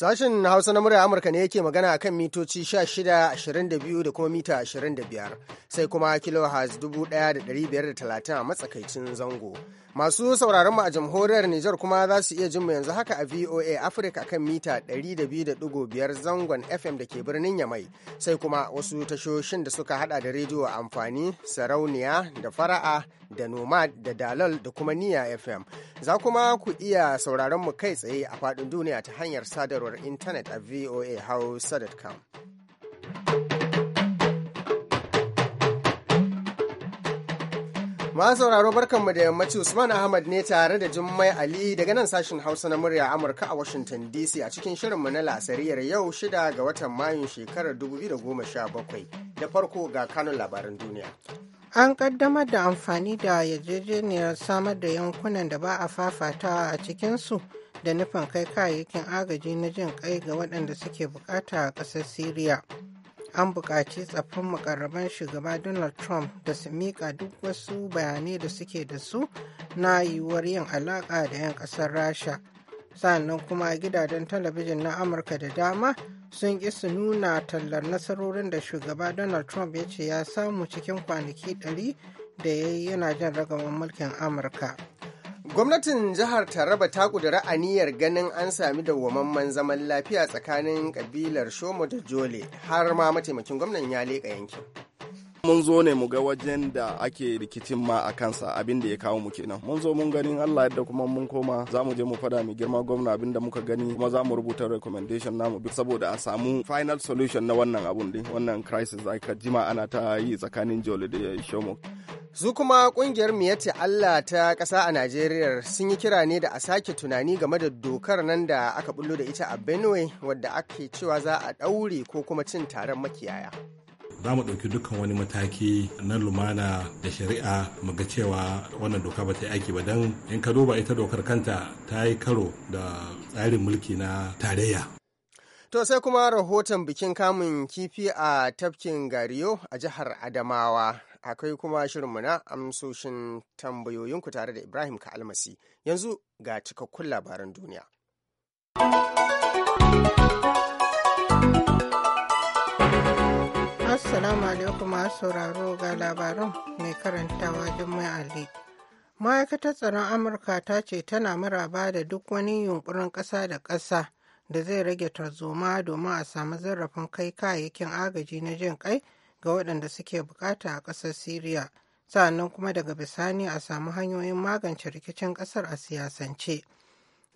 Sashen Hausa na murya Amurka ne yake magana a kan mitoci 1622 da kuma mita 25, sai kuma kilohertz 1530 a matsakaicin zango. Masu sauraron mu a jamhuriyar Nijar kuma za su iya jin mu yanzu haka a VOA Africa kan mita 200.5 zangon FM da ke birnin Yamai, sai kuma wasu tashoshin da suka hada da rediyo amfani, sarauniya da fara'a da nomad da dalal da kuma niya FM. Za kuma ku iya sauraron mu kai tsaye a faɗin duniya ta hanyar sadarwa sadarwar intanet a voahausa.com. Masu sauraro barkanmu da yammaci Usman Ahmad ne tare da Jummai Ali daga nan sashen Hausa na murya Amurka a Washington DC a cikin shirinmu na lasariyar yau shida ga watan Mayun shekarar 2017 da farko ga kanun labaran duniya. An kaddamar da amfani da yarjejeniyar samar da yankunan da ba a fafatawa a cikinsu da nufin kai kayayyakin agaji na jin kai ga waɗanda suke bukata a ƙasar syria an buƙaci tsaffin mukarraban shugaba donald trump da su miƙa duk wasu bayanai da suke da su na yiwuwar yin alaƙa da 'yan ƙasar rasha sannan kuma gidajen talabijin na amurka da dama sun ƙi su nuna tallar nasarorin da shugaba donald trump ya ce ya samu cikin kwanaki 100 da ya yi yana jan ragaman mulkin amurka Gwamnatin jihar Taraba ta kudura aniyar ganin an sami dawwamamman zaman lafiya tsakanin kabilar Shomo da Jole har ma mataimakin gwamnan ya leƙa yankin. mun zo ne mu ga wajen da ake rikicin ma a kansa abin da ya kawo mu kenan mun zo mun ganin Allah yadda kuma mun koma za mu je mu fada mai girma gwamna abin da muka gani kuma za mu rubuta recommendation namu bi saboda a samu final solution na wannan abun din wannan crisis aka jima ana ta yi tsakanin jole da Shomo Su kuma kungiyar Miyatti Allah ta ƙasa a Najeriya sun yi kira ne da a sake tunani game da dokar nan da aka bullo da ita a Benue wadda ake cewa za a ɗaure ko kuma cin taron makiyaya. za mu ɗauki dukkan wani mataki na lumana da shari'a mu ga cewa wannan doka ba ta yi aiki ba don in ka duba ita dokar kanta ta yi karo da tsarin mulki na tarayya. To sai kuma rahoton bikin kamun kifi a tafkin Gariyo a jihar Adamawa akwai kuma shirinmu na amsoshin tambayoyinku tare da Ibrahim Ka'almasi. Yanzu ga cikakkun labaran duniya. Assalamu alaikum sauraro ga labaran mai karantawa Jummai Ali. Ma'aikatar tsaron Amurka ta ce tana maraba da duk wani yunkurin ƙasa da ƙasa da zai rage tarzoma domin a samu zarrafin kai kayayyakin agaji na jin kai ga waɗanda suke bukata a ƙasar Siriya, sa'annan kuma daga bisani a samu hanyoyin magance rikicin ƙasar a siyasance.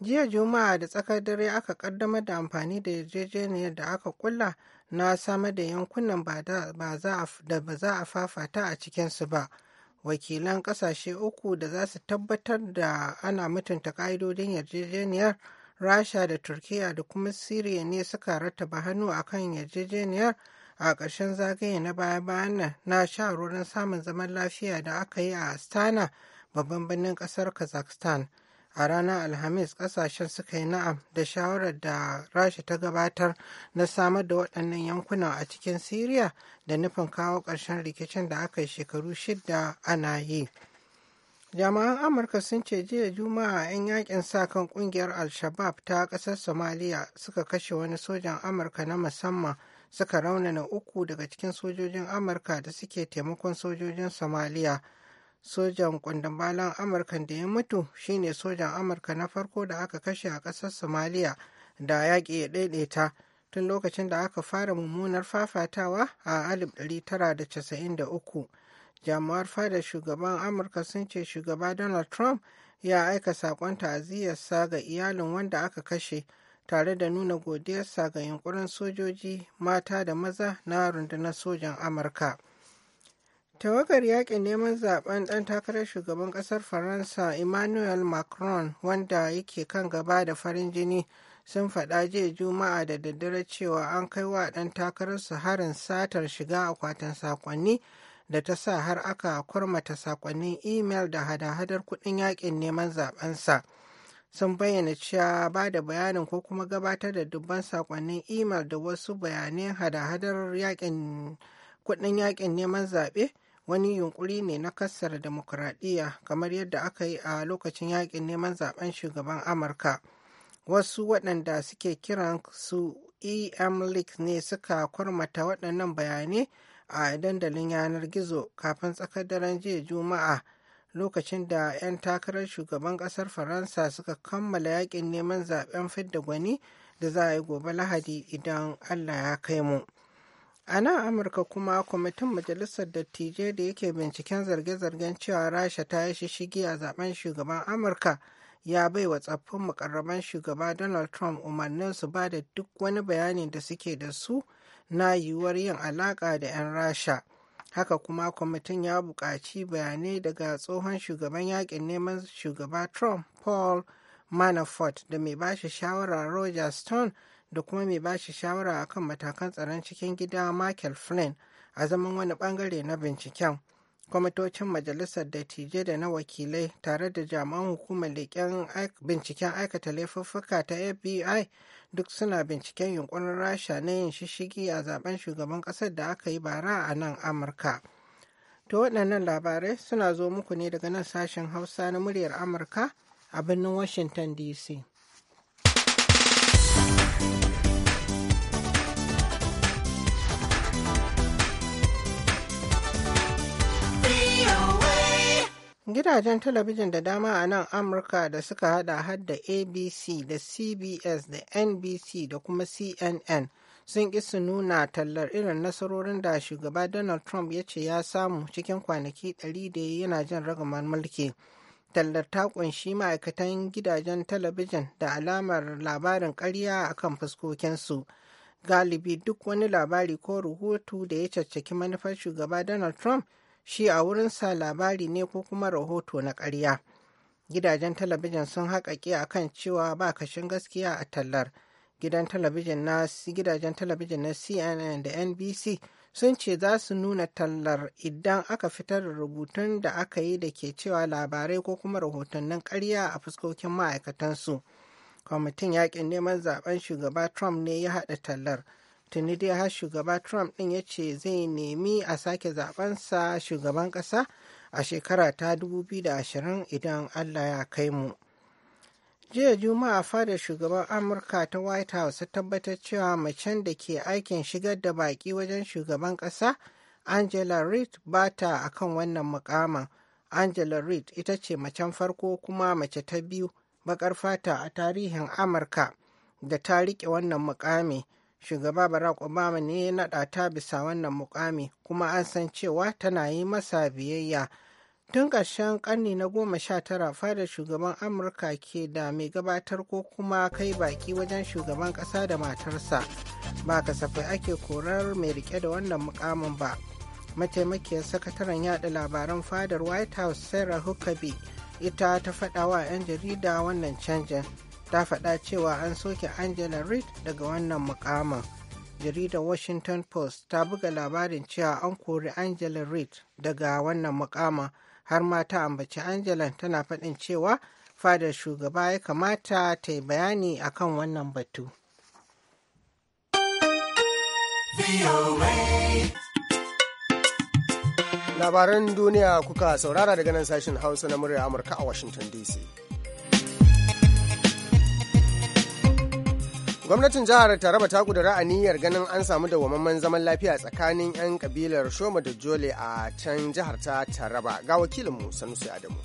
Jiya Juma'a da tsakar dare aka ƙaddamar da amfani da yarjejeniyar da aka kula na samar da yankunan da ba za a fafata a cikinsu ba. Wakilan ƙasashe uku da za su tabbatar da ana mutunta ƙa'idodin yarjejeniyar rasha da turkiya da kuma siriya ne suka rattaba hannu akan yarjejeniyar a ƙarshen zagaye na baya-bayan nan na sha ruwan samun zaman lafiya da aka yi a astana babban birnin ƙasar kazakhstan a ranar alhamis ƙasashen suka yi na'am da shawarar da rasha ta gabatar na samar da waɗannan yankunan a cikin siriya da nufin kawo ƙarshen rikicin da aka yi shekaru shida ana yi Jama'an amurka sun ce jiya juma'a 'yan yakin sa kan ƙungiyar al-shabab ta ƙasar somaliya suka kashe wani sojan amurka na musamman suka raunana uku daga cikin sojojin amurka da suke taimakon sojojin somaliya sojan kwandambalan amurka da ya mutu shine sojan amurka na farko da aka kashe a ƙasar somaliya da yaƙi ya ɗaiɗaita tun lokacin da aka fara mummunar fafatawa a 1993 jami'ar fadar shugaban amurka sun ce shugaba donald trump ya aika saƙon ta'aziyyarsa ga iyalin wanda aka kashe tare da nuna godiyarsa ga yunkurin sojoji mata da maza na rundunar sojan amurka tawagar yakin neman zaben dan takarar shugaban kasar faransa emmanuel macron wanda yake kan gaba da farin jini sun faɗa jiya juma'a da daddare cewa an kai wa ɗan takararsu harin satar shiga akwatin sakonni da ta sa har aka kurmata sakonnin imel da hada-hadar kudin yakin neman zabensa. sun bayyana cewa ba da bayanin ko kuma gabatar da dubban sakonnin imel da wasu bayanai hada-hadar kudin yakin neman zaɓe wani yunkuri ne na kasar demokuraɗiyya kamar yadda aka yi a lokacin yakin neman zaben shugaban amurka wasu waɗanda suke kiran su em leaks ne suka kwarmata waɗannan bayanai a dandalin yanar gizo kafin tsakar daren jiya juma'a lokacin da 'yan takarar shugaban kasar faransa suka kammala yakin neman zaben fidda gwani da za a yi gobe lahadi idan allah ya kai mu a nan amurka kuma kwamitin majalisar dattijai da yake binciken zarge-zargen cewa rasha ta yi shishigi a zaben shugaban amurka ya bai wa tsaffin mukarraban shugaba donald trump umarnin su ba da duk wani bayani da suke da su na yiwuwar yin alaka da 'yan rasha haka kuma kwamitin ya buƙaci bayanai daga tsohon shugaban yakin neman shugaba trump paul manafort da mai bashi shawara roger stone da kuma mai bashi shawara akan matakan tsaron cikin gida michael flynn a zaman wani bangare na binciken kwamitocin majalisar dattijai da na wakilai tare da jami'an hukumar leƙen binciken aikata laifuffuka ta fbi duk suna binciken yunkurin rasha na yin shishigi a zaben shugaban ƙasar da aka yi bara a nan amurka to waɗannan labarai suna zo muku ne daga nan sashen hausa na muryar amurka a birnin washington dc Gidajen talabijin da dama a nan Amurka da suka hada har da ABC da CBS da NBC da kuma CNN sun ƙi su nuna tallar irin nasarorin da shugaba Donald Trump ya ce ya samu cikin kwanaki ɗari da yana jin ragamar mulki. Tallar ta ƙunshi ma'aikatan gidajen talabijin da alamar labarin karya a kan fuskokinsu. Galibi duk wani labari ko rahoto da ya caccaki manufar shugaba Donald Trump shi a wurin sa labari ne ko kuma rahoto na ƙarya gidajen talabijin sun haƙaƙe a kan cewa ba kashin gaskiya a tallar gidan talabijin na gidajen talabijin na cnn da nbc sun ce za su nuna tallar idan aka fitar da rubutun da aka yi da ke cewa labarai ko kuma rahoton rahotannin ƙarya a fuskokin ma'aikatansu kwamitin yakin neman zaben shugaba trump ne ya haɗa tallar tuni dai har shugaba trump din ya ce zai nemi a sake zabensa shugaban kasa a shekara ta 2020 idan allah ya kai mu jiya juma'a fadar shugaban amurka ta white house tabbatar cewa macen da ke aikin shigar da baki wajen shugaban kasa angela reid ba ta akan wannan mukamin angela reid ita ce macen farko kuma mace ta biyu bakar fata a tarihin amurka da ta riƙe wannan mukami. shugaba barack obama ne ya naɗa ta bisa wannan mukami kuma an san cewa tana yi masa biyayya tun ƙarshen ƙarni na goma sha tara fadar shugaban amurka ke da mai gabatar ko kuma kai baki wajen shugaban ƙasa da matarsa ba kasafai ake korar mai rike da wannan mukamin ba mataimakiyar sakataren yada labaran fadar white house sarah huckabee ita ta faɗa wa 'yan jarida wannan canjin ta faɗa cewa an soke angela reid daga wannan mukamin jaridar washington post ta buga labarin cewa an kori angela reid daga wannan mukamin har ma ta ambaci angela tana faɗin cewa fadar shugaba ya kamata ta yi bayani akan wannan batu labaran duniya kuka saurara daga nan sashen hausa na murya amurka a washington dc gwamnatin jihar taraba ta kudura aniyar ganin an samu dawwammamen zaman lafiya tsakanin 'yan kabilar shoma da jole a can jihar ta taraba ga wakilinmu sanusi adamu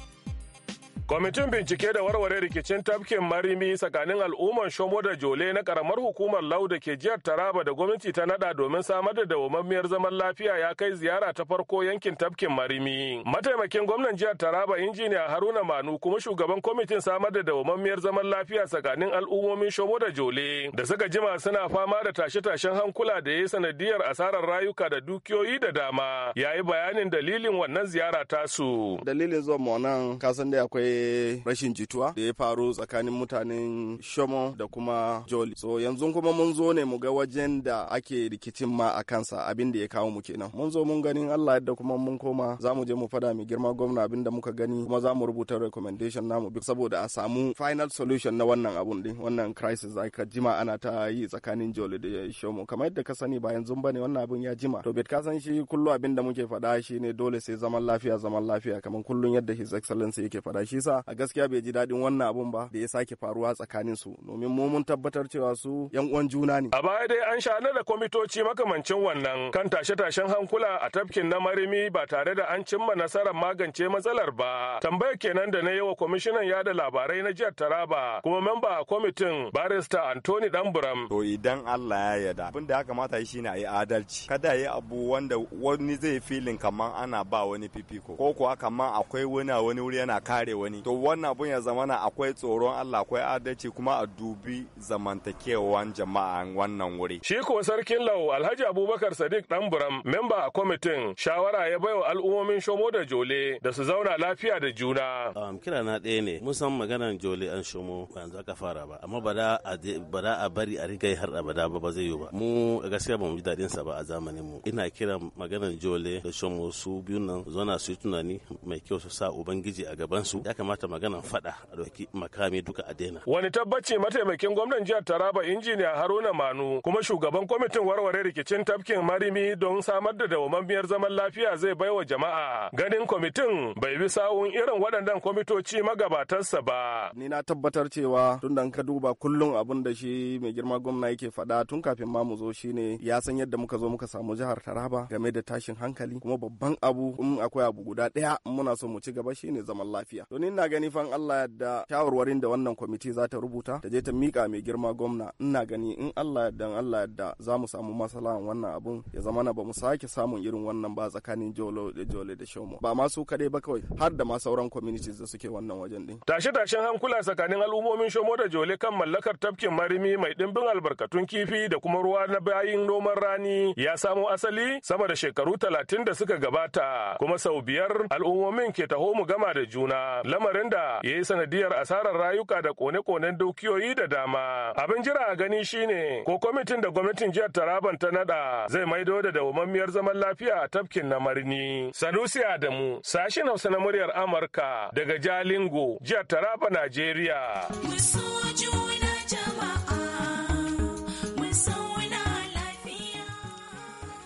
Kwamitin bincike da warware rikicin tafkin marimi tsakanin al'umman Shomo da Jole na karamar hukumar Lau da ke jihar Taraba da gwamnati ta nada domin samar da dawwammamiyar zaman lafiya ya kai ziyara ta farko yankin tafkin marimi. Mataimakin gwamnan jihar Taraba injiniya Haruna Manu kuma shugaban kwamitin samar da dawwammamiyar zaman lafiya tsakanin al'ummomin Shomo da Jole da suka jima suna fama da tashe-tashen hankula da ya sanadiyar asarar rayuka da dukiyoyi da dama. ya yi bayanin dalilin wannan ziyara tasu. Dalilin zuwa nan kasan da akwai rashin jituwa da ya faru tsakanin mutanen Shomo da kuma Joli. So yanzu kuma mun zo ne mu ga wajen da ake rikicin ma a kansa abin da ya kawo mu kenan. Mun zo mun ganin Allah yadda kuma mun koma za mu je mu fada mai girma gwamna abin da muka gani kuma za mu rubuta recommendation namu bi saboda a samu final solution na wannan abun din wannan crisis da aka jima ana ta yi tsakanin Joli da Shomo kamar yadda ka sani ba yanzu bane wannan abun ya jima. To bet ka san shi kullu abin da muke faɗa shi ne dole sai zaman lafiya zaman lafiya kamar kullun yadda his excellency yake faɗa shi yasa a gaskiya bai ji daɗin wannan abun ba da ya sake faruwa tsakanin su domin mu mun tabbatar cewa su yan uwan juna ne. A baya dai an shanar da kwamitoci makamancin wannan kan tashe-tashen hankula a tafkin na marimi ba tare da an cimma nasarar magance matsalar ba. Tambayar kenan da na yi wa kwamishinan yada labarai na jihar Taraba kuma memba a kwamitin barista Anthony Danburam. To idan Allah ya yarda abin da ya kamata shi ne a yi adalci kada yi abu wanda wani zai filin kamar ana ba wani fifiko ko kuwa kamar akwai wani a wani wuri yana kare wani to wannan abun ya zamana akwai tsoron Allah akwai adalci kuma a dubi zamantakewan jama'a wannan wuri shi ko sarkin lau Alhaji Abubakar Sadiq dan Buram memba a kwamitin shawara ya baiwa al'ummomin Shomo da Jole da su zauna lafiya da juna um, kira na ɗaya ne musan maganan Jole an Shomo yanzu aka fara ba amma ba da a bari a rigai har abada ba ba zai yi ba mu gaskiya ba mu ji daɗin sa ba a zamanin mu ina kira maganan Jole da Shomo su biyu nan zauna su yi tunani mai kyau su sa ubangiji a gaban su kamata maganan faɗa a ɗauki makami duka a daina. Wani tabbaci mataimakin gwamnan jihar Taraba injiniya Haruna Manu kuma shugaban kwamitin warware rikicin tafkin marimi don samar da biyar zaman lafiya zai baiwa jama'a. Ganin kwamitin bai bi sawun irin waɗannan kwamitoci magabatarsa ba. Ni na tabbatar cewa tun da ka duba kullum abin da shi mai girma gwamna yake faɗa tun kafin ma mu zo shine ya san yadda muka zo muka samu jihar Taraba game da tashin hankali kuma babban abu in akwai abu guda ɗaya muna so mu ci gaba shine zaman lafiya. To ni ina gani fan Allah yadda shawarwarin da wannan kwamiti za ta rubuta ta je ta mika mai girma gwamna ina gani in Allah yadda Allah yadda za mu samu masalahan wannan abun ya zama na ba mu sake samun irin wannan ba tsakanin jolo da jole da shomo ba ma su kadai ba kawai har da ma sauran communities da suke wannan wajen din tashe tashen hankula tsakanin al'ummomin shomo da jole kan mallakar tafkin marimi mai dimbin albarkatun kifi da kuma ruwa na bayin noman rani ya samo asali sama da shekaru talatin da suka gabata kuma sau biyar al'umomin ke taho mu gama da juna lamarin da ya yi sanadiyar asarar rayuka da kone-konen dukiyoyi da dama. Abin jira a gani shine ko kwamitin da gwamnatin jihar Taraban ta naɗa zai maido da dawwammamiyar zaman lafiya a tafkin na Marni. Sanusi Adamu, sashin Hausa na muryar Amurka daga Jalingo, jihar Taraba, Najeriya.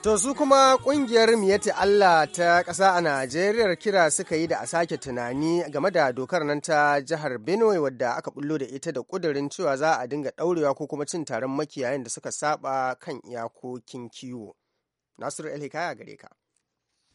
To su kuma kungiyar miyati Allah ta ƙasa a Najeriya kira suka yi da a sake tunani game da dokar nan ta jihar Benue wadda aka bullo da ita da kudurin cewa za a dinga ɗaurewa ko kuma cin taron makiyayin da suka saba kan iyakokin kiwo. Nasiru El Hikaya gare ka.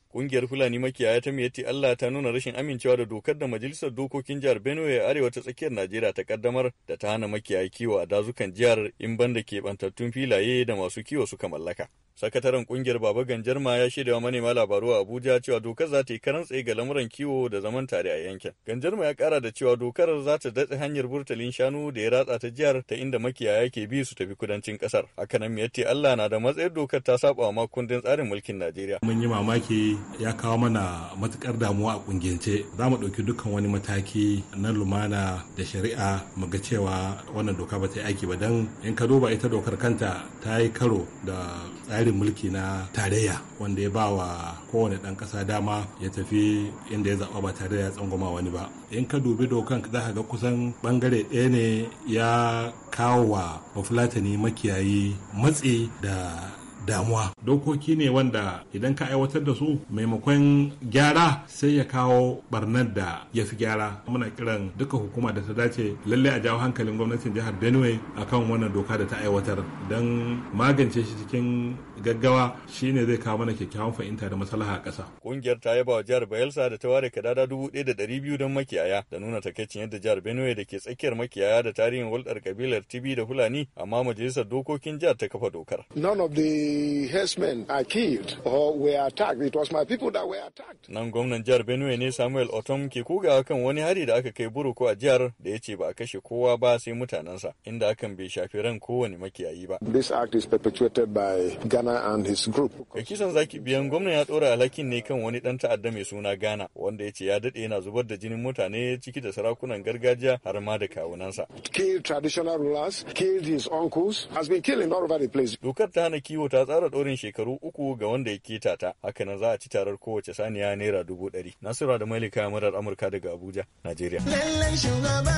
Kungiyar Fulani makiyaya ta Miyatti Allah ta nuna rashin amincewa da dokar da Majalisar Dokokin Jihar Benue a arewa ta tsakiyar Najeriya ta kaddamar da ta hana makiyaya kiwo a dazukan jihar in banda keɓantattun filaye da masu kiwo suka mallaka. Sakataren kungiyar Baba Ganjar ma ya shirya wa manema labaru a Abuja cewa dokar za ta yi karan tsaye ga lamuran kiwo da zaman tare a yankin. Ganjar ma ya kara da cewa dokar za ta datse hanyar burtalin shanu da ya ratsa ta jihar ta inda makiyaya ke bi su tafi kudancin kasar. nan mai yace Allah na da matsayin dokar ta saba wa makundin tsarin mulkin Najeriya. Mun yi mamaki ya kawo mana matukar damuwa a kungiyance. Za mu ɗauki dukkan wani mataki na lumana da shari'a mu ga cewa wannan doka ba ta yi aiki ba dan in ka duba ita dokar kanta ta yi karo da tsari tsarin mulki na tarayya wanda ya ba wa kowane ɗan ƙasa dama ya tafi inda ya zaɓa ba tare da ya tsangwama wani ba in ka dubi dokan za ka ga kusan ɓangare ɗaya ne ya kawo wa bafulatani makiyayi matsi da damuwa dokoki ne wanda idan ka aiwatar da su maimakon gyara sai ya kawo barnar da ya fi gyara muna kiran duka hukuma da ta dace lallai a jawo hankalin gwamnatin jihar benue akan wannan doka da ta aiwatar don magance shi cikin gaggawa shine zai kawo mana kyakkyawan fahimta da maslaha a ƙasa. kungiyar ta yaba wa jihar Bayelsa da ta ware kadada dubu ɗaya da ɗari biyu don makiyaya da nuna takaicin yadda jihar Benue da ke tsakiyar makiyaya da tarihin hulɗar kabilar Tibi da Fulani amma majalisar dokokin jihar ta kafa dokar. None of the herdsmen are killed or were attacked. It was my people that were attacked. Nan gwamnan jihar Benue ne Samuel Otom ke kugawa kan wani hari da aka kai buruku a jihar da ya ce ba a kashe kowa ba sai mutanensa inda akan bai shafi ran kowane makiyayi ba. This act is perpetuated by Ghana Ghana and his group. Da kisan zaki biyan gwamnan ya ɗora alhakin ne kan wani ɗan ta'adda mai suna Ghana wanda ya ce ya daɗe yana zubar da jinin mutane ciki da sarakunan gargajiya har ma da kawunansa. Kill traditional rulers, killed his uncles, has been killing all over the place. Dokar ta hana kiwo ta tsara ɗorin shekaru uku ga wanda ya keta ta. Hakanan za a ci tarar kowace saniya naira dubu ɗari. Nasiru da Malika murar Amurka daga Abuja, Najeriya. Lallan shugaba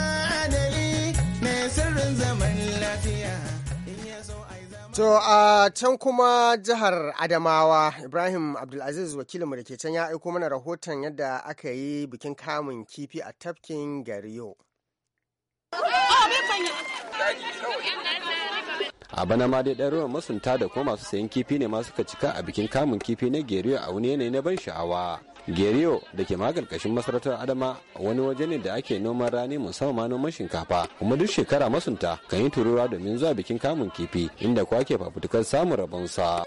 adali mai sirrin zaman lafiya. To a can kuma jihar Adamawa Ibrahim Abdulaziz wakilin mu da ke can ya aiko mana rahoton yadda aka yi bikin kamun kifi a tafkin Gariyo. a bana ma dai ruwan masunta da kuma masu sayan kifi ne ma suka cika a bikin kamun kifi na gariyo a wani yanayi na ban sha'awa geriyo da ke magalkashin masarautar adama wani waje ne da ake noman rani musamman noman shinkafa kuma duk shekara masunta kan yi turuwa domin zuwa bikin kamun kifi inda kuwa ke fafutukar samun rabonsa.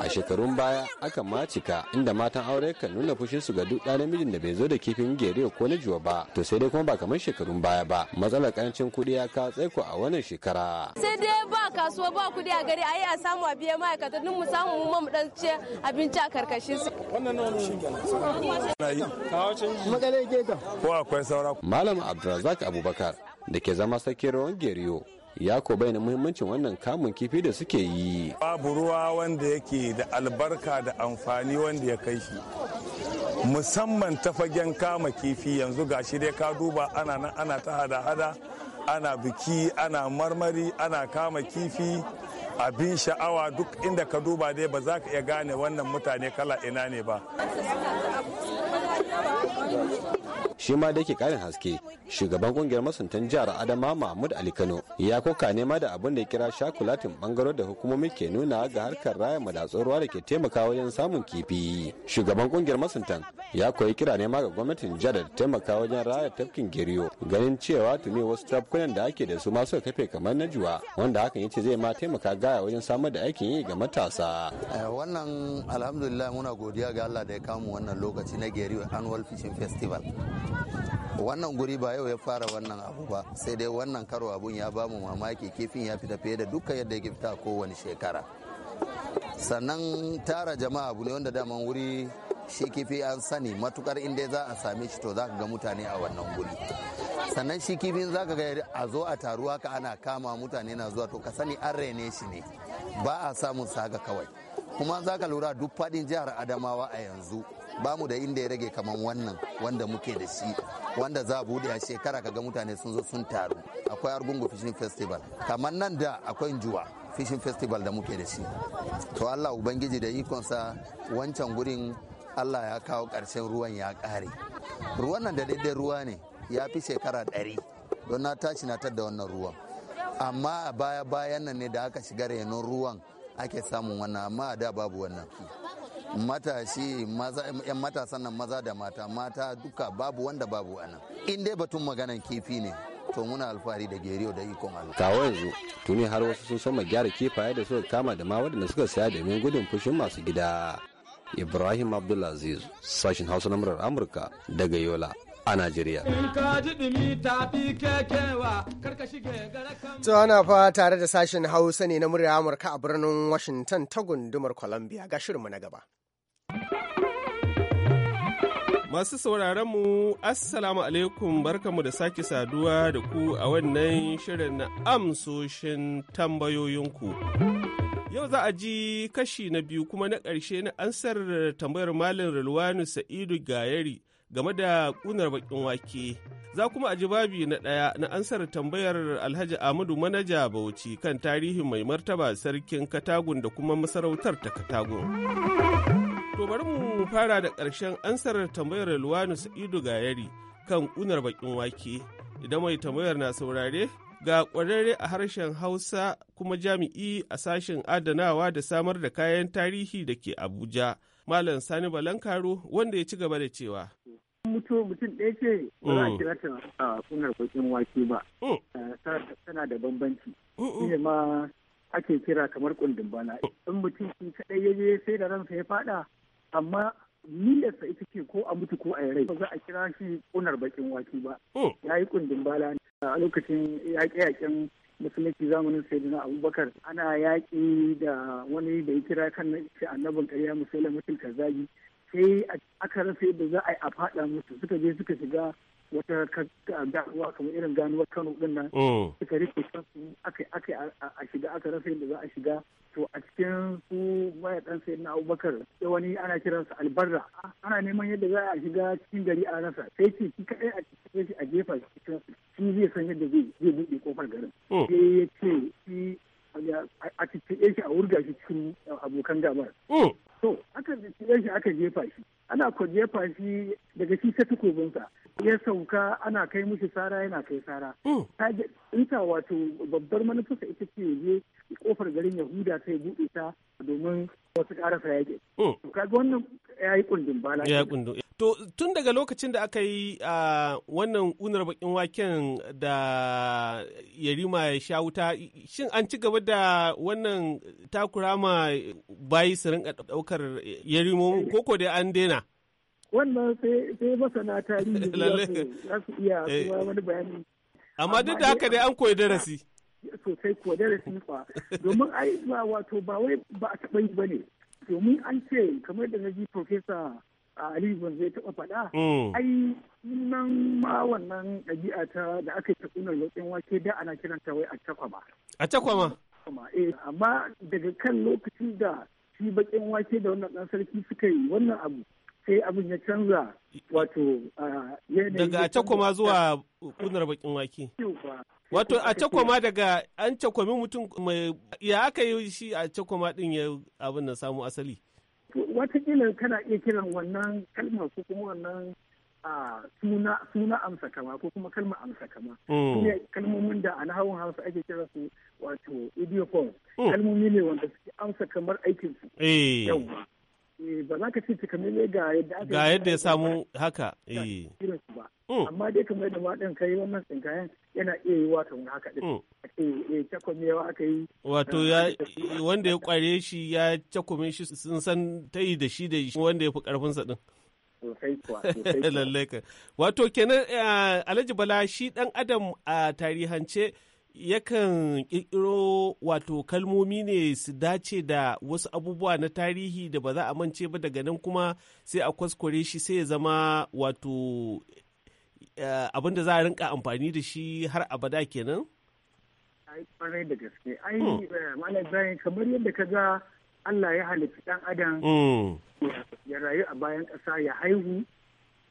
A shekarun baya aka ma cika inda matan aure kan nuna fushin su ga duk ɗan namijin da bai zo da kifin geriyo ko na juwa ba to sai dai kuma ba kamar shekarun baya ba matsalar karancin kuɗi ya ka tsaiko a wannan shekara. Sai dai ba kasuwa ba ba kuɗi a gari a yi a samu a biya ma'aikata duk mu samu mu mamu dan ce abinci a karkashin su. Wannan Ko akwai saura. Malam Abdulrazak Abubakar da ke zama sakirawan Geriyo ya ko bayyana muhimmancin wannan kamun kifi da suke yi. Babu ruwa wanda yake da albarka da amfani wanda ya kai shi. Musamman ta fagen kama kifi yanzu gashi dai ka duba ana nan ana ta hada-hada ana biki ana marmari ana kama kifi abin sha'awa duk inda ka duba dai ba za ka iya gane wannan mutane kala ina ne ba shi ma da yake karin haske shugaban kungiyar masuntan jihar adama mahmud ali kano ya koka nema da abin da ya kira shakulatin bangaro da hukumomi ke nuna ga harkar raya da ruwa da ke taimaka wajen samun kifi shugaban kungiyar masuntan ya koyi kira nema ga gwamnatin jihar da taimaka wajen raya tafkin geriyo ganin cewa tuni wasu tafkunan da ake da su masu kafe kamar na juwa wanda hakan yace zai ma taimaka gaya wajen samar da aikin yi ga matasa eh, wannan alhamdulillah muna godiya ga Allah da ya kamu wannan lokaci na geriyo annual fishing festival wannan guri ba yau ya fara wannan abu ba sai dai wannan karo abun ya bamu mamaki kifin ya fita fiye da dukkan yadda yake fita kowane shekara sannan tara jama'a abu ne wanda daman wuri shi kifi an sani matukar inda za a same shi to za ka ga mutane a wannan guri sannan shi kifin za ka ga a zo a taruwa ka ana kama mutane na zuwa to ka sani an rene shi ne ba a samun sa haka kawai kuma za ka lura duk faɗin jihar adamawa a yanzu ba mu da inda ya rage kamar wannan wanda muke da shi wanda za a bude a shekara kaga mutane sun zo sun taru akwai argungu fishing festival kamar nan da akwai juwa fishing festival da muke da shi to allah ubangiji da ikonsa wancan gurin allah ya kawo karshen ruwan ya kare ruwan nan da daidai ruwa ne ya fi shekara ɗari don na tashi na tadda wannan ruwan amma a baya bayan nan ne da aka shiga renon ruwan ake samun wannan amma da babu wannan matashi maza yan matasan nan maza da mata mata duka babu wanda babu ana in dai batun maganan kifi ne to muna alfahari da geriyo da ikon Allah kawo yanzu tuni har wasu sun soma gyara kifaye da suka kama da ma da suka saya domin gudun fushin masu gida Ibrahim Abdulaziz sashin Hausa na murar Amurka daga Yola a Najeriya. To ana fa tare da sashen Hausa ne na murya Amurka a birnin Washington ta gundumar Columbia ga shirinmu na gaba. Masu sauraron mu Assalamu alaikum barkamu da sake saduwa da ku a wannan shirin na amsoshin tambayoyinku. Yau za a ji kashi na biyu kuma na ƙarshe na ansar tambayar Malam Rilwanu Sa'idu Gayari game da ƙunar baƙin wake. Za kuma a ji babi na ɗaya na ansar tambayar Alhaji amadu Manaja Bauchi kan tarihin mai martaba sarkin Katagun da kuma masarautar ta Katagun. To bari mu fara da ƙarshen ansar tambayar Luwanu Sa'idu Gayari kan ƙunar baƙin wake. Idan mai tambayar na saurare, ga ƙwararre a harshen Hausa kuma jami'i a sashen adanawa da samar da kayan tarihi da ke Abuja, Malam Sani Balankaro wanda ya ci gaba da cewa. mutu mutum ɗaya ce ba za a mm. kira ta a kunar bakin wake ba mm. eh, tana da bambanci ne ma ake kira kamar kundin bana mm. in mutum shi kaɗai ya je sai da ransa ya faɗa amma niyyarsa ita ce ko a mutu ko a yi rai ba za a kira shi kunar bakin wake ba ya yi kundin bala a lokacin yaƙe-yaƙen musulunci zamanin sayyidina abubakar ana yaƙi da wani da ya kira kan shi annabin ƙarya musulun mutum kazagi sai aka rasa yadda za a yi a faɗa musu suka je suka shiga wata ganuwa kamar irin ganuwar kano din nan mm. suka rike kansu aka aka a shiga aka rasa yadda za a shiga to a cikin su baya dan sayyid na abubakar sai wani ana kiransa albarra ana neman yadda za a shiga cikin gari a rasa sai ce shi kadai a cikin shi a jefa cikin shi zai san yadda zai buɗe kofar garin mm. sai ya ce shi a cikin shi a wurga shi cikin abokan gabar mm. ɗan shi aka jefa shi ana ko jefa shi daga shi ta takobinsa ya sauka ana kai mishi sara yana kai sara ita hmm. wato babbar manufarsa ita ce je kofar garin yahuda sai buɗe ta domin wasu ƙarasa yaƙi. Hmm. Kaga wannan ya yi kundin bala. Ya kundin. To tun daga lokacin da aka yi wannan unar bakin waken da yarima ya sha wuta shin an ci gaba da wannan takurama bayi su rinka daukar yarimo koko da an daina. Wannan sai masana tarihi za su iya eh. wani bayani. Amma duk da haka dai an koyi darasi. Sosai koyi darasi kwa. Domin ai wato ba wai ba a taɓa yi ba ne. domin an ce kamar da na ji profesa Ali Gonzo zai taɓa faɗa, mm. ai nan ma wannan ɗabi'a ta da aka ta ƙunar lotsin wake da ana kiranta wai a takwama. A takwama? Eh, amma daga kan lokacin da shi baƙin wake da wannan ɗan sarki suka yi wannan abu sai abin ya canza wato yanayi. Daga a takwama zuwa ƙunar baƙin wake. Wato a cakwama daga an cakwami mutum mai ya aka yi shi a cakwama din ya abin da samu asali. Watakila kana iya kiran wannan kalmar ko kuma wannan suna amsa kama ko kuma kalmar amsa kama. Mm. ne kalmomin da a nahawun hausa ake kira su wato idiopom. Mm. Kalmomi ne wanda suke amsa kamar aikin su. Eh. Yau eh, ba za ka ce cika ne ga yadda aka ga yadda ya samu haka eh Mm. amma dai kamar da ma ɗin kai wannan tsinkayen yana iya yi wa wani haka ɗin mm. a ce yawa eh, aka yi wato ya wanda ya kware shi ya cakume shi sun san ta yi da shi da wanda ya fi ƙarfinsa ɗin lallai wato kenan eh, alhaji bala shi ɗan adam a tarihance yakan ƙirƙiro wato kalmomi ne su dace da wasu abubuwa na tarihi da ba za a mance ba daga nan kuma sai a kwaskware shi sai ya zama wato Eh, abin da za a rinka amfani da shi har abada kenan? Ai, kwarai da gaske. Ai, hmm. eh, Malam Ibrahim, kamar yadda ka ga Allah ya halitta ɗan adam hmm. ya rayu a bayan ƙasa ya haihu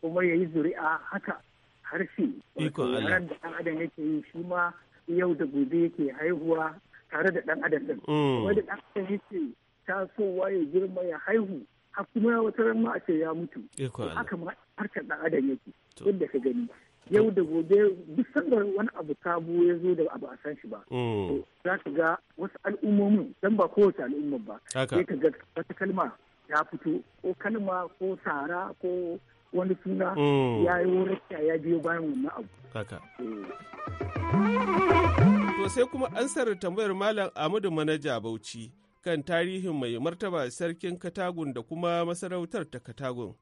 kuma ya yi zuri'a haka harshe. Iko Allah. da ɗan adam yake yi shi ma yau da gobe yake haihuwa tare da ɗan adam ɗin. Kuma hmm. da ɗan adam yake tasowa ya girma ya haihu. Har kuma wata ran ma a ce ya mutu. Iko Allah. harkar ɗan adam yake yadda ka gani yau da gobe duk sanda wani abu sabo ya zo da abu a san shi ba mm. za ka ga wasu al'ummomin dan ba kowace al'umma ba sai ka ga wata kalma ya fito ko kalma ko sara ko wani suna mm. ya yi wurin ya biyo bayan wannan abu eh. to sai kuma ansar tambayar malam amadu manaja bauchi kan tarihin mai martaba sarkin katagun da kuma masarautar ta katagun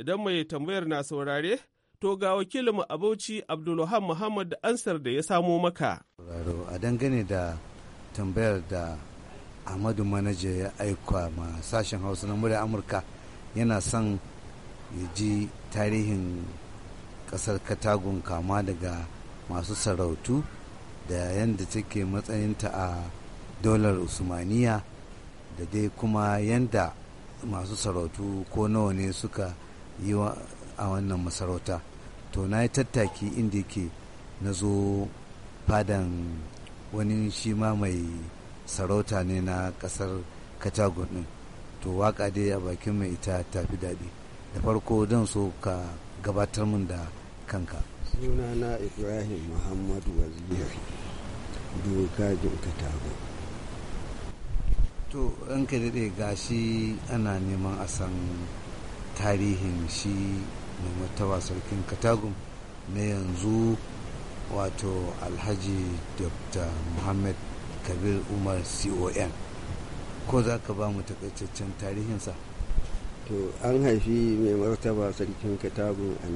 idan mai tambayar na saurare to ga wakilinmu a Bauchi Abdulluhan Muhammad da ansar da ya samo maka. A dangane da tambayar da Ahmadu Manaje ya aika ma sashen Hausa na murya Amurka yana son ya ji tarihin kasar Katagun kama daga masu sarautu da yadda take matsayinta a dolar Usmaniya da dai kuma yadda masu sarautu ko nawa ne suka yi a wannan masarauta to na yi tattaki inda yake na zo fadan wani shi ma mai sarauta ne na kasar katagun din to waka dai a bakin mai ita tafi daɗi da farko don so ka gabatar min da kanka sunana ibrahim muhammadu waziri ta katagun to an ka daɗe gashi ana neman a san tarihin shi mai mataba sarkin katagum na yanzu wato alhaji dr muhammad kabir umar com ko za ka ba mu takaitaccen tarihinsa to an haifi mai martaba sarkin katagun a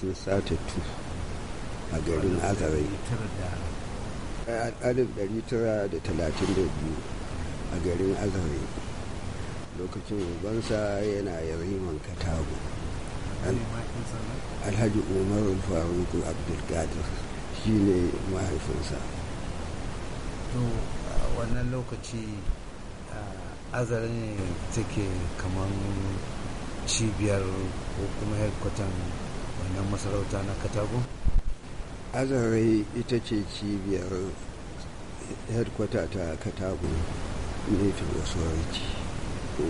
1932 a garin azare a 1932 a garin azare lokacin ubansa yana yariman katago alhaji umar faruku abdulkadir shi ne mahaifinsa to wannan lokaci azare ne take kamar cibiyar ko kuma headquarter wannan masarauta na katago Azarai ita ce cibiyar headquarter ta katago ne ta wasu rikici to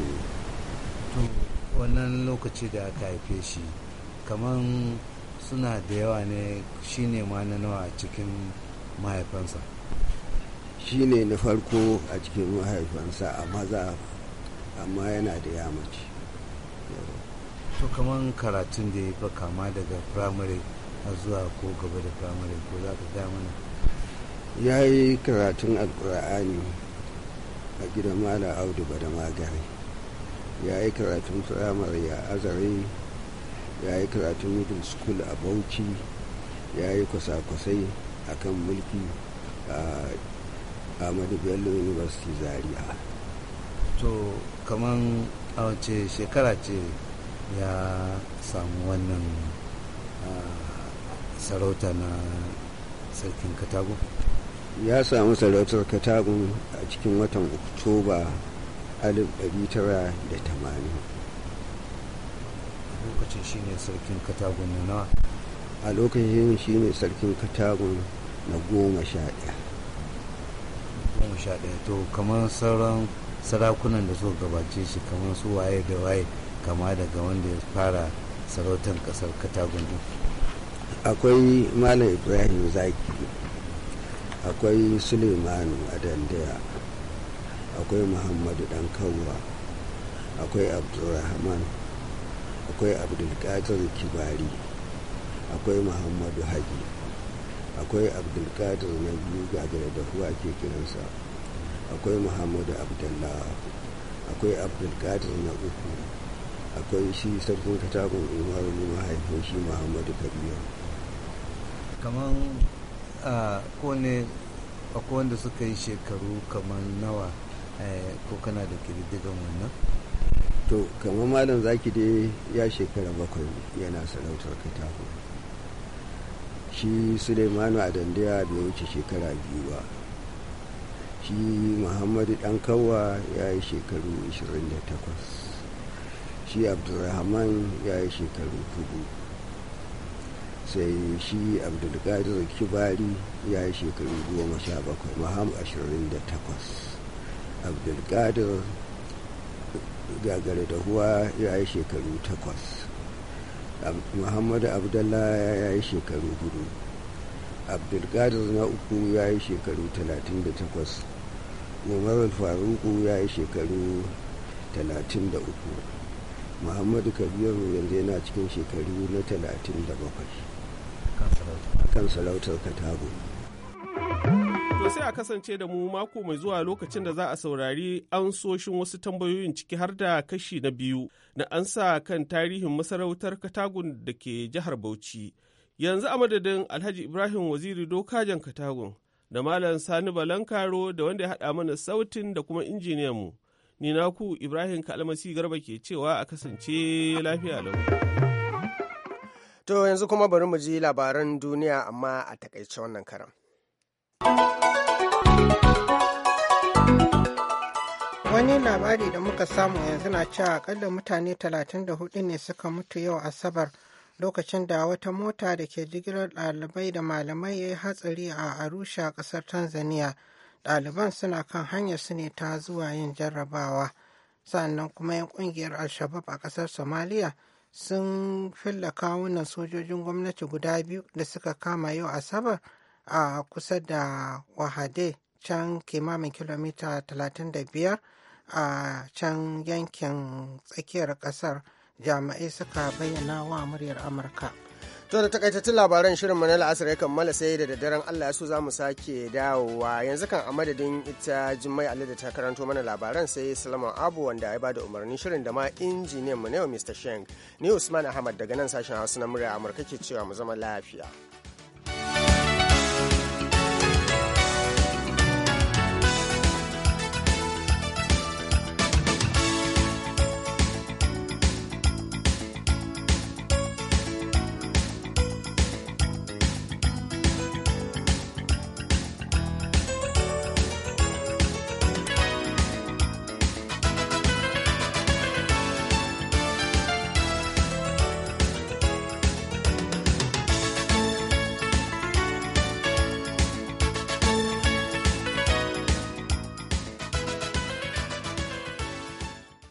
wannan lokaci da aka haife shi kamar suna da yawa ne shi ne ma na nawa a cikin mahaifansa shi ne na farko a cikin mahaifansa a maza amma yana da yamaci to kamar karatun da ya fa kama daga firamare a zuwa ko gaba da firamare ko za ka mana ya yi karatun alkur'ani a gidan mala audu ba da magari ya yi karatun firamare a azare ya yi karatun middle school a bauchi ya yi kwasa-kwasai a kan mulki a amadu bello university zaria to kaman a wace shekara ce ya samu wannan ah, sarauta na sarkin katago ya samu sarautar katagun a cikin watan oktoba 1980 lokacin shi ne sarkin katagun na nawa a lokacin shi ne sarkin katagun na goma sha daya goma sha daya to kamar sauran sarakunan da suka gabace shi kamar su waye da waye kama daga wanda ya fara sarautar ƙasar katagun akwai malam ibrahim zaki akwai Suleiman a dandaya akwai muhammadu dan kawwa akwai abdulrahman akwai abdulkadir kibari akwai muhammadu haji akwai abdulkadir na biyu gagara da huwa ke kiransa akwai muhammadu Abdullawa. akwai abdulkadir na uku akwai shi sarkin katakon umaru mahaifin shi muhammadu kabiru kamar kowane akwai wanda suka yi shekaru kamar nawa eh, ko kana da kididdigan wannan to kamar malam zaki dai ya shekara bakwai yana sarautar katako shi suleimanu a dandiya bai wuce shekara biyu ba shi muhammadu dan kawwa ya yi shekaru 28 shi abdulrahman ya yi shekaru 4 sai shi abdulkadir kibari ya yi shekaru goma sha bakwai maham ashirin da takwas abdulkadir gagara da huwa ya yi shekaru takwas muhammadu abdullah ya yi shekaru hudu abdulkadir na uku ya yi shekaru talatin da takwas umar faruku ya yi shekaru talatin da uku muhammadu kabiru yanzu yana cikin shekaru na talatin da bakwai kan sarautar katago. To sai a kasance da mu mako mai zuwa lokacin da za a saurari ansoshin wasu tambayoyin ciki har da kashi na biyu na ansa kan tarihin masarautar katagun da ke jihar Bauchi. Yanzu a madadin Alhaji Ibrahim Waziri Dokajan Katagun da Malam Sani Balankaro da wanda ya haɗa mana sautin da kuma injiniyan mu. Ni naku Ibrahim Kalmasi Garba ke cewa a kasance lafiya lau. To yanzu kuma bari mu ji labaran duniya amma a takaice wannan karan. Wani labari da muka samu yanzu na cewa akalla mutane 34 ne suka mutu yau Asabar lokacin da wata mota da ke jigilar ɗalibai da malamai ya yi hatsari a Arusha ƙasar Tanzania. Ɗaliban suna kan hanyar su ne ta zuwa yin jarrabawa. Sannan kuma 'yan ƙungiyar Al-Shabab a ƙasar Somalia sun filla kawunan sojojin gwamnati guda biyu da suka kama yau asabar a kusa da wahade can kimamin kilomita 35 a can yankin tsakiyar kasar jami'ai suka bayyana wa muryar amurka To da takaitattun labaran shirin mu na la'asar ya kammala sai da daddaren Allah ya so za mu sake dawowa yanzu kan a madadin ita Jummai Ali da ta karanto mana labaran sai Salama Abu wanda ya bada umarnin shirin da ma injiniyan mu ne Mr. Sheng ni Usman Ahmad daga nan sashen Hausa na murya Amurka ke cewa mu zama lafiya.